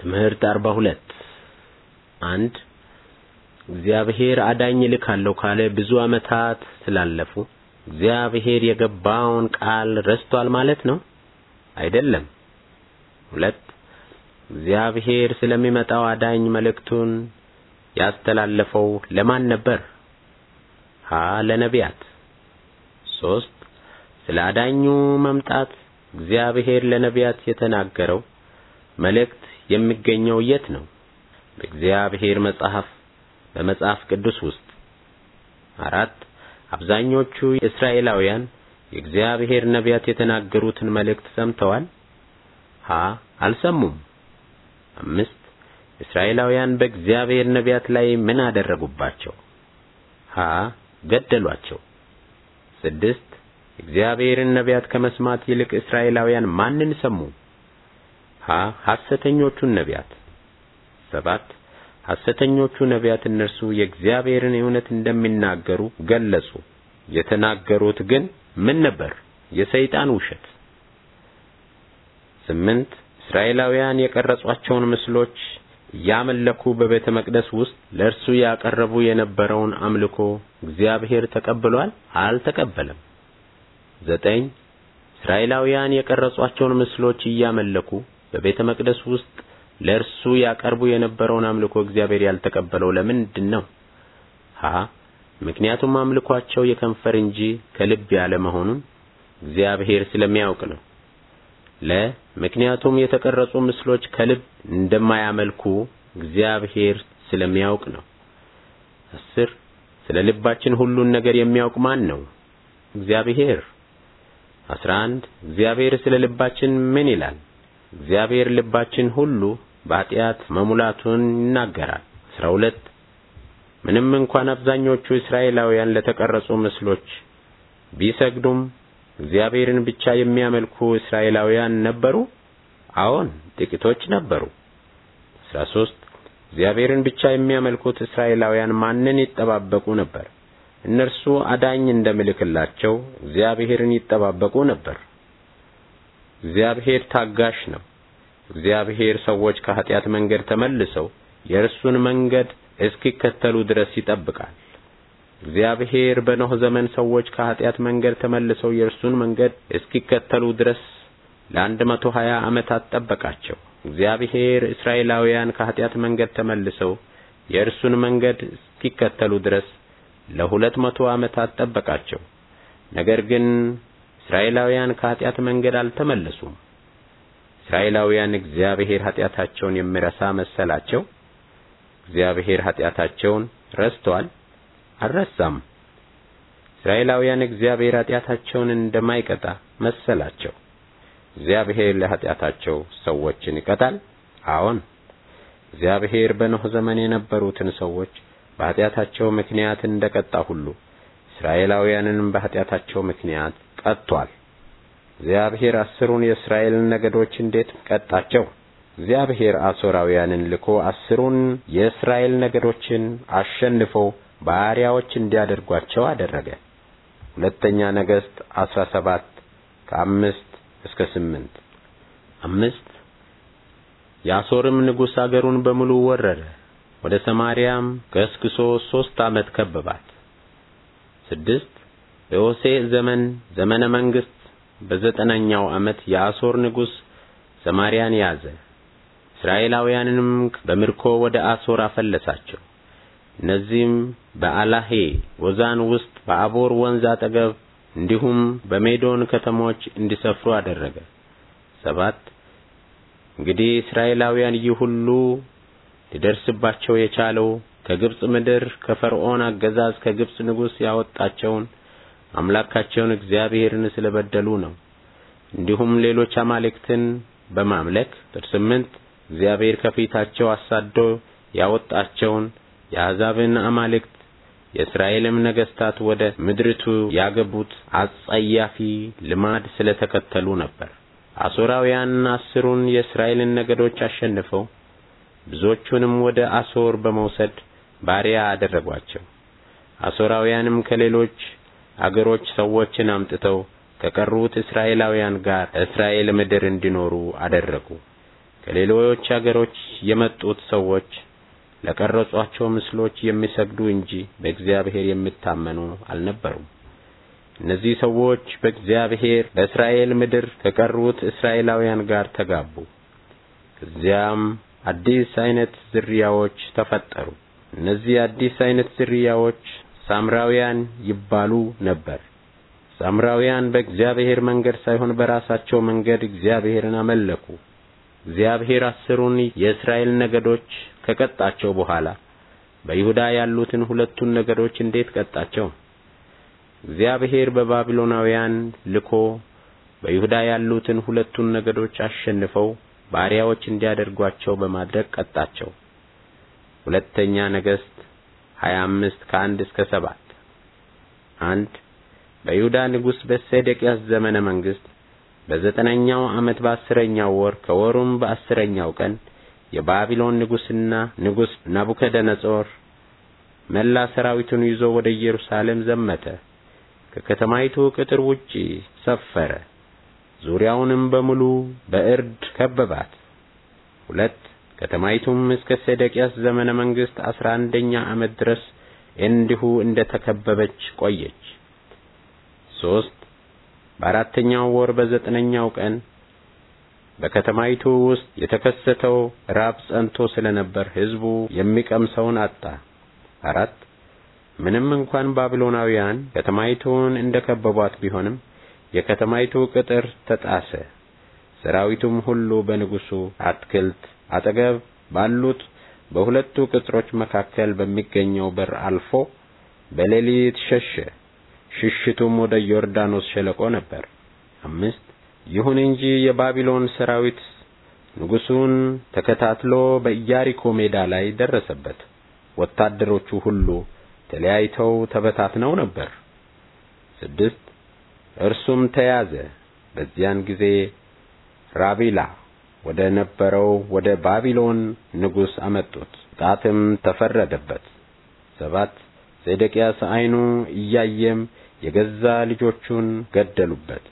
ትምህርት 42 አንድ እግዚአብሔር አዳኝ እልካለሁ ካለ ብዙ ዓመታት ስላለፉ እግዚአብሔር የገባውን ቃል ረስቷል ማለት ነው? አይደለም። ሁለት እግዚአብሔር ስለሚመጣው አዳኝ መልእክቱን ያስተላለፈው ለማን ነበር? ሀ ለነቢያት። ሶስት ስለ አዳኙ መምጣት እግዚአብሔር ለነቢያት የተናገረው መልእክት የሚገኘው የት ነው? በእግዚአብሔር መጽሐፍ በመጽሐፍ ቅዱስ ውስጥ። አራት አብዛኞቹ እስራኤላውያን የእግዚአብሔር ነቢያት የተናገሩትን መልእክት ሰምተዋል? ሀ አልሰሙም። አምስት እስራኤላውያን በእግዚአብሔር ነቢያት ላይ ምን አደረጉባቸው? ሀ ገደሏቸው። ስድስት እግዚአብሔርን ነቢያት ከመስማት ይልቅ እስራኤላውያን ማንን ሰሙ? ሀ ሐሰተኞቹን ነቢያት ሰባት ሐሰተኞቹ ነቢያት እነርሱ የእግዚአብሔርን እውነት እንደሚናገሩ ገለጹ። የተናገሩት ግን ምን ነበር? የሰይጣን ውሸት። ስምንት እስራኤላውያን የቀረጿቸውን ምስሎች እያመለኩ በቤተ መቅደስ ውስጥ ለእርሱ ያቀረቡ የነበረውን አምልኮ እግዚአብሔር ተቀብሏል? አልተቀበለም። ዘጠኝ እስራኤላውያን የቀረጿቸውን ምስሎች እያመለኩ በቤተ መቅደስ ውስጥ ለእርሱ ያቀርቡ የነበረውን አምልኮ እግዚአብሔር ያልተቀበለው ለምንድን ነው? ሀ ምክንያቱም አምልኳቸው የከንፈር እንጂ ከልብ ያለ መሆኑን እግዚአብሔር ስለሚያውቅ ነው። ለ ምክንያቱም የተቀረጹ ምስሎች ከልብ እንደማያመልኩ እግዚአብሔር ስለሚያውቅ ነው። አስር ስለ ልባችን ሁሉን ነገር የሚያውቅ ማን ነው? እግዚአብሔር። አስራ አንድ እግዚአብሔር ስለ ልባችን ምን ይላል? እግዚአብሔር ልባችን ሁሉ በኃጢአት መሙላቱን ይናገራል። አስራ ሁለት ምንም እንኳን አብዛኞቹ እስራኤላውያን ለተቀረጹ ምስሎች ቢሰግዱም እግዚአብሔርን ብቻ የሚያመልኩ እስራኤላውያን ነበሩ። አዎን፣ ጥቂቶች ነበሩ። አስራ ሶስት እግዚአብሔርን ብቻ የሚያመልኩት እስራኤላውያን ማንን ይጠባበቁ ነበር? እነርሱ አዳኝ እንደምልክላቸው እግዚአብሔርን ይጠባበቁ ነበር። እግዚአብሔር ታጋሽ ነው። እግዚአብሔር ሰዎች ከኃጢአት መንገድ ተመልሰው የእርሱን መንገድ እስኪከተሉ ድረስ ይጠብቃል። እግዚአብሔር በኖህ ዘመን ሰዎች ከኃጢአት መንገድ ተመልሰው የእርሱን መንገድ እስኪከተሉ ድረስ ለአንድ መቶ ሀያ ዓመታት ጠበቃቸው። እግዚአብሔር እስራኤላውያን ከኃጢአት መንገድ ተመልሰው የእርሱን መንገድ እስኪከተሉ ድረስ ለሁለት መቶ ዓመታት ጠበቃቸው። ነገር ግን እስራኤላውያን ከኃጢአት መንገድ አልተመለሱም። እስራኤላውያን እግዚአብሔር ኃጢአታቸውን የሚረሳ መሰላቸው። እግዚአብሔር ኃጢአታቸውን ረስቷል፣ አልረሳም። እስራኤላውያን እግዚአብሔር ኃጢአታቸውን እንደማይቀጣ መሰላቸው። እግዚአብሔር ለኃጢአታቸው ሰዎችን ይቀጣል። አዎን፣ እግዚአብሔር በኖህ ዘመን የነበሩትን ሰዎች በኃጢአታቸው ምክንያት እንደቀጣ ሁሉ እስራኤላውያንንም በኃጢአታቸው ምክንያት ቀጥቷል። እግዚአብሔር አስሩን የእስራኤልን ነገዶች እንዴት ቀጣቸው? እግዚአብሔር አሦራውያንን ልኮ አስሩን የእስራኤል ነገዶችን አሸንፎ ባሪያዎች እንዲያደርጓቸው አደረገ። ሁለተኛ ነገሥት አስራ ሰባት ከአምስት እስከ ስምንት አምስት የአሦርም ንጉሥ አገሩን በሙሉ ወረረ፣ ወደ ሰማርያም ገስግሶ ሦስት ዓመት ከበባት። ስድስት በሆሴዕ ዘመን ዘመነ መንግስት በዘጠነኛው ዓመት የአሦር ንጉሥ ሰማርያን ያዘ። እስራኤላውያንንም በምርኮ ወደ አሦር አፈለሳቸው። እነዚህም በአላሄ ወዛን ውስጥ በአቦር ወንዝ አጠገብ እንዲሁም በሜዶን ከተሞች እንዲሰፍሩ አደረገ። ሰባት እንግዲህ እስራኤላውያን ይህ ሁሉ ሊደርስባቸው የቻለው ከግብፅ ምድር ከፈርዖን አገዛዝ ከግብፅ ንጉሥ ያወጣቸውን አምላካቸውን እግዚአብሔርን ስለበደሉ ነው። እንዲሁም ሌሎች አማልክትን በማምለክ ቁጥር ስምንት እግዚአብሔር ከፊታቸው አሳዶ ያወጣቸውን የአሕዛብን አማልክት የእስራኤልም ነገሥታት ወደ ምድሪቱ ያገቡት አጸያፊ ልማድ ስለተከተሉ ነበር። አሦራውያን አስሩን የእስራኤልን ነገዶች አሸንፈው ብዙዎቹንም ወደ አሦር በመውሰድ ባሪያ አደረጓቸው። አሦራውያንም ከሌሎች አገሮች ሰዎችን አምጥተው ከቀሩት እስራኤላውያን ጋር እስራኤል ምድር እንዲኖሩ አደረጉ። ከሌሎች አገሮች የመጡት ሰዎች ለቀረጿቸው ምስሎች የሚሰግዱ እንጂ በእግዚአብሔር የሚታመኑ አልነበሩም። እነዚህ ሰዎች በእግዚአብሔር በእስራኤል ምድር ከቀሩት እስራኤላውያን ጋር ተጋቡ። ከዚያም አዲስ አይነት ዝርያዎች ተፈጠሩ። እነዚህ አዲስ አይነት ዝርያዎች ሳምራውያን ይባሉ ነበር። ሳምራውያን በእግዚአብሔር መንገድ ሳይሆን በራሳቸው መንገድ እግዚአብሔርን አመለኩ። እግዚአብሔር አስሩን የእስራኤል ነገዶች ከቀጣቸው በኋላ በይሁዳ ያሉትን ሁለቱን ነገዶች እንዴት ቀጣቸው? እግዚአብሔር በባቢሎናውያን ልኮ በይሁዳ ያሉትን ሁለቱን ነገዶች አሸንፈው ባሪያዎች እንዲያደርጓቸው በማድረግ ቀጣቸው። ሁለተኛ ነገሥት 25 ከ1 እስከ ሰባት አንድ በይሁዳ ንጉሥ በሴዴቅያስ ዘመነ መንግሥት በዘጠነኛው ዓመት በአስረኛው ወር ከወሩም በአስረኛው ቀን የባቢሎን ንጉሥና ንጉሥ ናቡከደነጾር መላ ሰራዊቱን ይዞ ወደ ኢየሩሳሌም ዘመተ። ከከተማይቱ ቅጥር ውጪ ሰፈረ፣ ዙሪያውንም በሙሉ በእርድ ከበባት። ሁለት ከተማይቱም እስከ ሴዴቅያስ ዘመነ መንግስት አስራ አንደኛ ዓመት ድረስ እንዲሁ እንደ ተከበበች ቆየች። ሶስት በአራተኛው ወር በዘጠነኛው ቀን በከተማይቱ ውስጥ የተከሰተው ራብ ጸንቶ ስለነበር ሕዝቡ የሚቀምሰውን አጣ። አራት ምንም እንኳን ባቢሎናውያን ከተማይቱን እንደ ከበቧት ቢሆንም የከተማይቱ ቅጥር ተጣሰ፣ ሰራዊቱም ሁሉ በንጉሡ አትክልት አጠገብ ባሉት በሁለቱ ቅጥሮች መካከል በሚገኘው በር አልፎ በሌሊት ሸሸ። ሽሽቱም ወደ ዮርዳኖስ ሸለቆ ነበር። አምስት ይሁን እንጂ የባቢሎን ሰራዊት ንጉሡን ተከታትሎ በኢያሪኮ ሜዳ ላይ ደረሰበት። ወታደሮቹ ሁሉ ተለያይተው ተበታትነው ነበር። ስድስት እርሱም ተያዘ። በዚያን ጊዜ ራቢላ ወደ ነበረው ወደ ባቢሎን ንጉሥ አመጡት። ቅጣትም ተፈረደበት። ሰባት ሴዴቅያስ አይኑ እያየም የገዛ ልጆቹን ገደሉበት።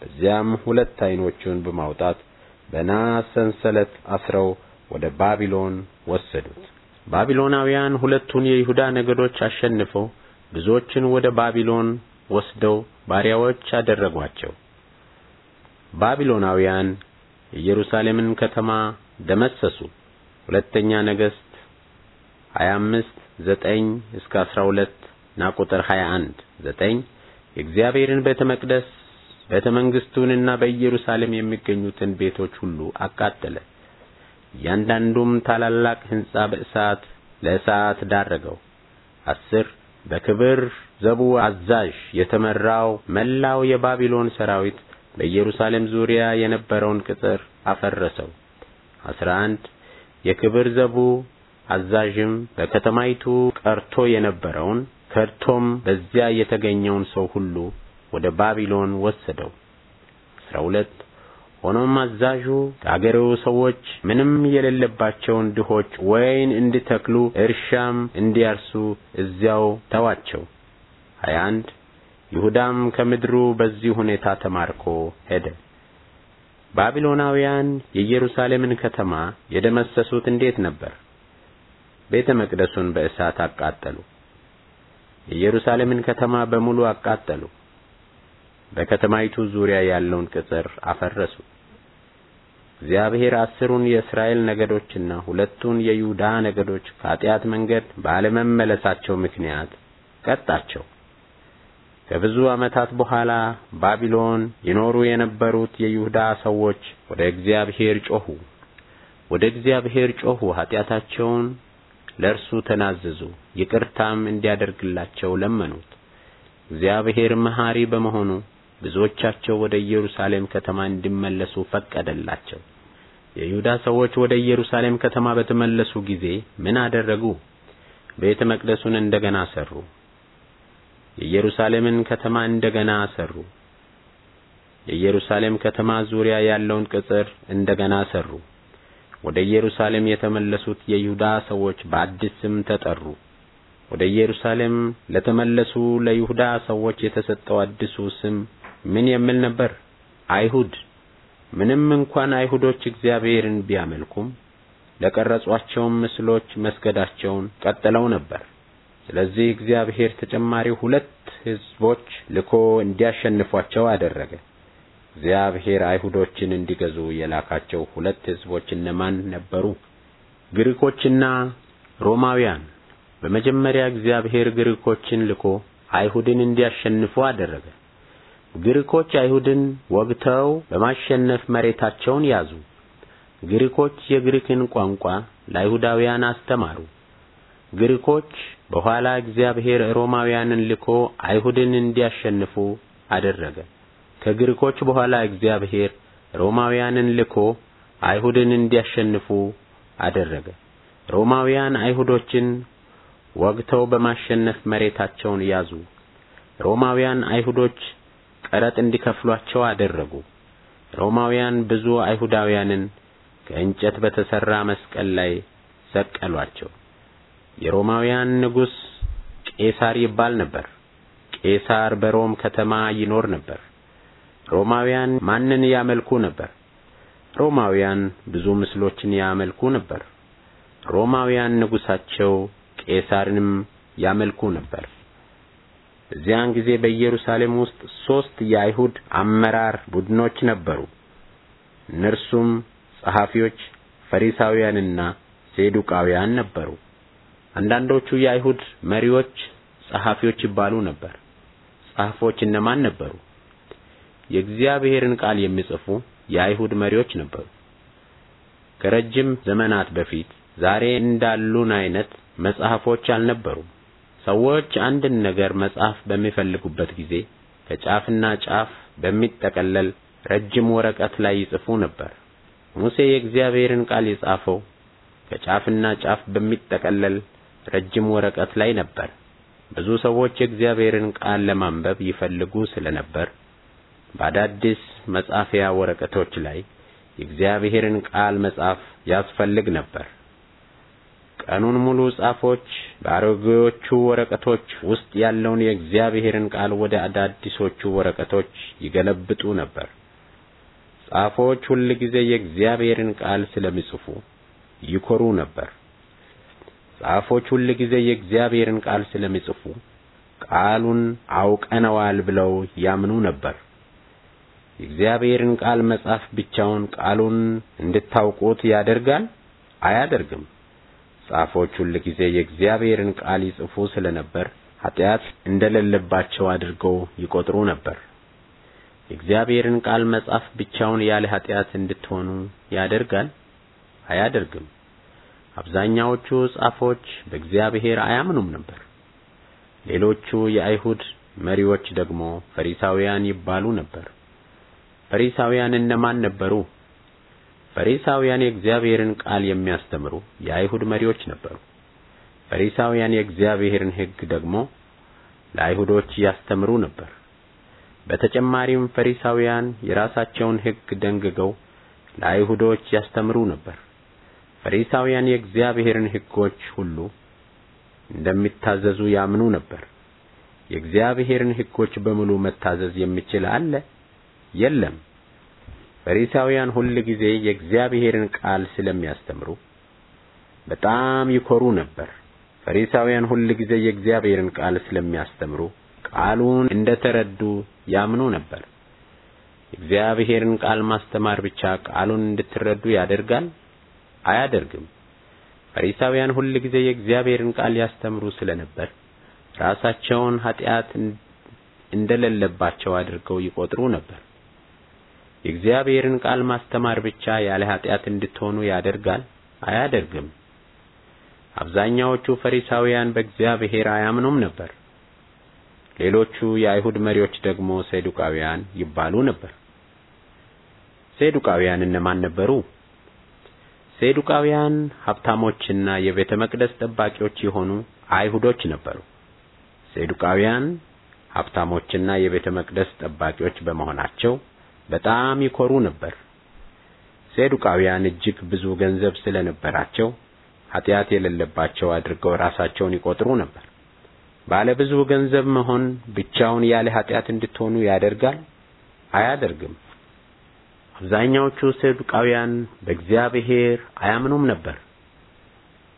በዚያም ሁለት አይኖቹን በማውጣት በናስ ሰንሰለት አስረው ወደ ባቢሎን ወሰዱት። ባቢሎናውያን ሁለቱን የይሁዳ ነገዶች አሸንፈው ብዙዎችን ወደ ባቢሎን ወስደው ባሪያዎች አደረጓቸው። ባቢሎናውያን የኢየሩሳሌምን ከተማ ደመሰሱ። ሁለተኛ ነገሥት 25 9 እስከ 12 ና ቁጥር 21 9 የእግዚአብሔርን ቤተ መቅደስ ቤተ በኢየሩሳሌም የሚገኙትን ቤቶች ሁሉ አቃጠለ። እያንዳንዱም ታላላቅ ሕንፃ በእሳት ለእሳት ዳረገው። አስር በክብር ዘቡ አዛዥ የተመራው መላው የባቢሎን ሰራዊት በኢየሩሳሌም ዙሪያ የነበረውን ቅጥር አፈረሰው። 11 የክብር ዘቡ አዛዥም በከተማይቱ ቀርቶ የነበረውን ከድቶም በዚያ የተገኘውን ሰው ሁሉ ወደ ባቢሎን ወሰደው። 12 ሆኖም አዛዡ የአገሬው ሰዎች ምንም የሌለባቸውን ድሆች ወይን እንዲተክሉ እርሻም እንዲያርሱ እዚያው ተዋቸው። 21 ይሁዳም ከምድሩ በዚህ ሁኔታ ተማርኮ ሄደ። ባቢሎናውያን የኢየሩሳሌምን ከተማ የደመሰሱት እንዴት ነበር? ቤተ መቅደሱን በእሳት አቃጠሉ። የኢየሩሳሌምን ከተማ በሙሉ አቃጠሉ። በከተማይቱ ዙሪያ ያለውን ቅጽር አፈረሱ። እግዚአብሔር አስሩን የእስራኤል ነገዶችና ሁለቱን የይሁዳ ነገዶች ከኃጢአት መንገድ ባለመመለሳቸው ምክንያት ቀጣቸው። ከብዙ ዓመታት በኋላ ባቢሎን ይኖሩ የነበሩት የይሁዳ ሰዎች ወደ እግዚአብሔር ጮኹ። ወደ እግዚአብሔር ጮኹ፣ ኃጢአታቸውን ለእርሱ ተናዘዙ፣ ይቅርታም እንዲያደርግላቸው ለመኑት። እግዚአብሔር መሐሪ በመሆኑ ብዙዎቻቸው ወደ ኢየሩሳሌም ከተማ እንዲመለሱ ፈቀደላቸው። የይሁዳ ሰዎች ወደ ኢየሩሳሌም ከተማ በተመለሱ ጊዜ ምን አደረጉ? ቤተ መቅደሱን እንደገና ሰሩ። የኢየሩሳሌምን ከተማ እንደገና ሰሩ የኢየሩሳሌም ከተማ ዙሪያ ያለውን ቅጥር እንደገና ሰሩ ወደ ኢየሩሳሌም የተመለሱት የይሁዳ ሰዎች በአዲስ ስም ተጠሩ። ወደ ኢየሩሳሌም ለተመለሱ ለይሁዳ ሰዎች የተሰጠው አዲሱ ስም ምን የሚል ነበር? አይሁድ። ምንም እንኳን አይሁዶች እግዚአብሔርን ቢያመልኩም ለቀረጿቸውም ምስሎች መስገዳቸውን ቀጥለው ነበር። ስለዚህ እግዚአብሔር ተጨማሪ ሁለት ህዝቦች ልኮ እንዲያሸንፏቸው አደረገ። እግዚአብሔር አይሁዶችን እንዲገዙ የላካቸው ሁለት ህዝቦች እነማን ነበሩ? ግሪኮችና ሮማውያን። በመጀመሪያ እግዚአብሔር ግሪኮችን ልኮ አይሁድን እንዲያሸንፉ አደረገ። ግሪኮች አይሁድን ወግተው በማሸነፍ መሬታቸውን ያዙ። ግሪኮች የግሪክን ቋንቋ ለአይሁዳውያን አስተማሩ። ግሪኮች በኋላ እግዚአብሔር ሮማውያንን ልኮ አይሁድን እንዲያሸንፉ አደረገ። ከግሪኮች በኋላ እግዚአብሔር ሮማውያንን ልኮ አይሁድን እንዲያሸንፉ አደረገ። ሮማውያን አይሁዶችን ወግተው በማሸነፍ መሬታቸውን ያዙ። ሮማውያን አይሁዶች ቀረጥ እንዲከፍሏቸው አደረጉ። ሮማውያን ብዙ አይሁዳውያንን ከእንጨት በተሠራ መስቀል ላይ ሰቀሏቸው። የሮማውያን ንጉሥ ቄሳር ይባል ነበር። ቄሳር በሮም ከተማ ይኖር ነበር። ሮማውያን ማንን ያመልኩ ነበር? ሮማውያን ብዙ ምስሎችን ያመልኩ ነበር። ሮማውያን ንጉሳቸው ቄሳርንም ያመልኩ ነበር። እዚያን ጊዜ በኢየሩሳሌም ውስጥ ሦስት የአይሁድ አመራር ቡድኖች ነበሩ። እነርሱም ጸሐፊዎች፣ ፈሪሳውያንና ሴዱቃውያን ነበሩ። አንዳንዶቹ የአይሁድ መሪዎች ጸሐፊዎች ይባሉ ነበር። ጸሐፎች እነማን ነበሩ? የእግዚአብሔርን ቃል የሚጽፉ የአይሁድ መሪዎች ነበሩ። ከረጅም ዘመናት በፊት ዛሬ እንዳሉን አይነት መጽሐፎች አልነበሩም። ሰዎች አንድን ነገር መጻፍ በሚፈልጉበት ጊዜ ከጫፍና ጫፍ በሚጠቀለል ረጅም ወረቀት ላይ ይጽፉ ነበር። ሙሴ የእግዚአብሔርን ቃል የጻፈው ከጫፍና ጫፍ በሚጠቀለል ረጅም ወረቀት ላይ ነበር። ብዙ ሰዎች የእግዚአብሔርን ቃል ለማንበብ ይፈልጉ ስለነበር በአዳዲስ መጻፊያ ወረቀቶች ላይ የእግዚአብሔርን ቃል መጻፍ ያስፈልግ ነበር። ቀኑን ሙሉ ጻፎች በአሮጌዎቹ ወረቀቶች ውስጥ ያለውን የእግዚአብሔርን ቃል ወደ አዳዲሶቹ ወረቀቶች ይገለብጡ ነበር። ጻፎች ሁልጊዜ የእግዚአብሔርን ቃል ስለሚጽፉ ይኮሩ ነበር። ጻፎች ሁልጊዜ የእግዚአብሔርን ቃል ስለሚጽፉ ቃሉን አውቀነዋል ብለው ያምኑ ነበር። የእግዚአብሔርን ቃል መጻፍ ብቻውን ቃሉን እንድታውቁት ያደርጋል? አያደርግም። ጻፎች ሁልጊዜ የእግዚአብሔርን ቃል ይጽፉ ስለነበር ኃጢአት እንደሌለባቸው አድርገው ይቆጥሩ ነበር። የእግዚአብሔርን ቃል መጻፍ ብቻውን ያለ ኃጢአት እንድትሆኑ ያደርጋል? አያደርግም። አብዛኛዎቹ ጻፎች በእግዚአብሔር አያምኑም ነበር። ሌሎቹ የአይሁድ መሪዎች ደግሞ ፈሪሳውያን ይባሉ ነበር። ፈሪሳውያን እነማን ነበሩ? ፈሪሳውያን የእግዚአብሔርን ቃል የሚያስተምሩ የአይሁድ መሪዎች ነበሩ። ፈሪሳውያን የእግዚአብሔርን ሕግ ደግሞ ለአይሁዶች ያስተምሩ ነበር። በተጨማሪም ፈሪሳውያን የራሳቸውን ሕግ ደንግገው ለአይሁዶች ያስተምሩ ነበር። ፈሪሳውያን የእግዚአብሔርን ሕጎች ሁሉ እንደሚታዘዙ ያምኑ ነበር። የእግዚአብሔርን ሕጎች በሙሉ መታዘዝ የሚችል አለ? የለም። ፈሪሳውያን ሁል ጊዜ የእግዚአብሔርን ቃል ስለሚያስተምሩ በጣም ይኮሩ ነበር። ፈሪሳውያን ሁል ጊዜ የእግዚአብሔርን ቃል ስለሚያስተምሩ ቃሉን እንደተረዱ ያምኑ ነበር። የእግዚአብሔርን ቃል ማስተማር ብቻ ቃሉን እንድትረዱ ያደርጋል? አያደርግም። ፈሪሳውያን ሁል ጊዜ የእግዚአብሔርን ቃል ያስተምሩ ስለነበር ራሳቸውን ኃጢአት እንደሌለባቸው አድርገው ይቆጥሩ ነበር። የእግዚአብሔርን ቃል ማስተማር ብቻ ያለ ኃጢአት እንድትሆኑ ያደርጋል? አያደርግም። አብዛኛዎቹ ፈሪሳውያን በእግዚአብሔር አያምኑም ነበር። ሌሎቹ የአይሁድ መሪዎች ደግሞ ሰዱቃውያን ይባሉ ነበር። ሰዱቃውያን እነማን ነበሩ? ሴዱቃውያን ሀብታሞችና የቤተ መቅደስ ጠባቂዎች የሆኑ አይሁዶች ነበሩ። ሴዱቃውያን ሀብታሞችና የቤተ መቅደስ ጠባቂዎች በመሆናቸው በጣም ይኮሩ ነበር። ሴዱቃውያን እጅግ ብዙ ገንዘብ ስለነበራቸው ኃጢአት የሌለባቸው አድርገው ራሳቸውን ይቆጥሩ ነበር። ባለ ብዙ ገንዘብ መሆን ብቻውን ያለ ኃጢአት እንድትሆኑ ያደርጋል? አያደርግም። አብዛኛዎቹ ሰዱቃውያን በእግዚአብሔር አያምኑም ነበር።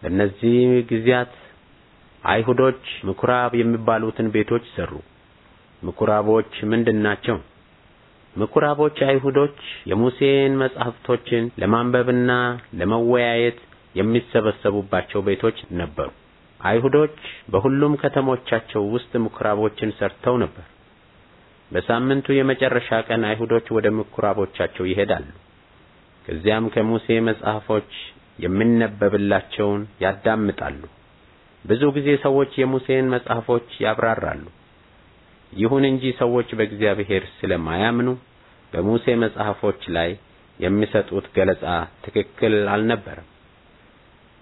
በእነዚህ ጊዜያት አይሁዶች ምኩራብ የሚባሉትን ቤቶች ሰሩ። ምኩራቦች ምንድን ናቸው? ምኩራቦች አይሁዶች የሙሴን መጻሕፍቶችን ለማንበብና ለመወያየት የሚሰበሰቡባቸው ቤቶች ነበሩ። አይሁዶች በሁሉም ከተሞቻቸው ውስጥ ምኩራቦችን ሰርተው ነበር። በሳምንቱ የመጨረሻ ቀን አይሁዶች ወደ ምኩራቦቻቸው ይሄዳሉ። ከዚያም ከሙሴ መጽሐፎች የሚነበብላቸውን ያዳምጣሉ። ብዙ ጊዜ ሰዎች የሙሴን መጽሐፎች ያብራራሉ። ይሁን እንጂ ሰዎች በእግዚአብሔር ስለማያምኑ በሙሴ መጽሐፎች ላይ የሚሰጡት ገለጻ ትክክል አልነበረም።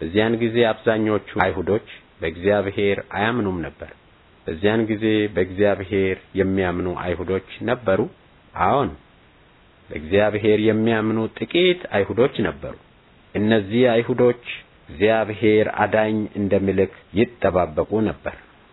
በዚያን ጊዜ አብዛኞቹ አይሁዶች በእግዚአብሔር አያምኑም ነበር። በዚያን ጊዜ በእግዚአብሔር የሚያምኑ አይሁዶች ነበሩ? አዎን፣ በእግዚአብሔር የሚያምኑ ጥቂት አይሁዶች ነበሩ። እነዚህ አይሁዶች እግዚአብሔር አዳኝ እንደሚልክ ይጠባበቁ ነበር።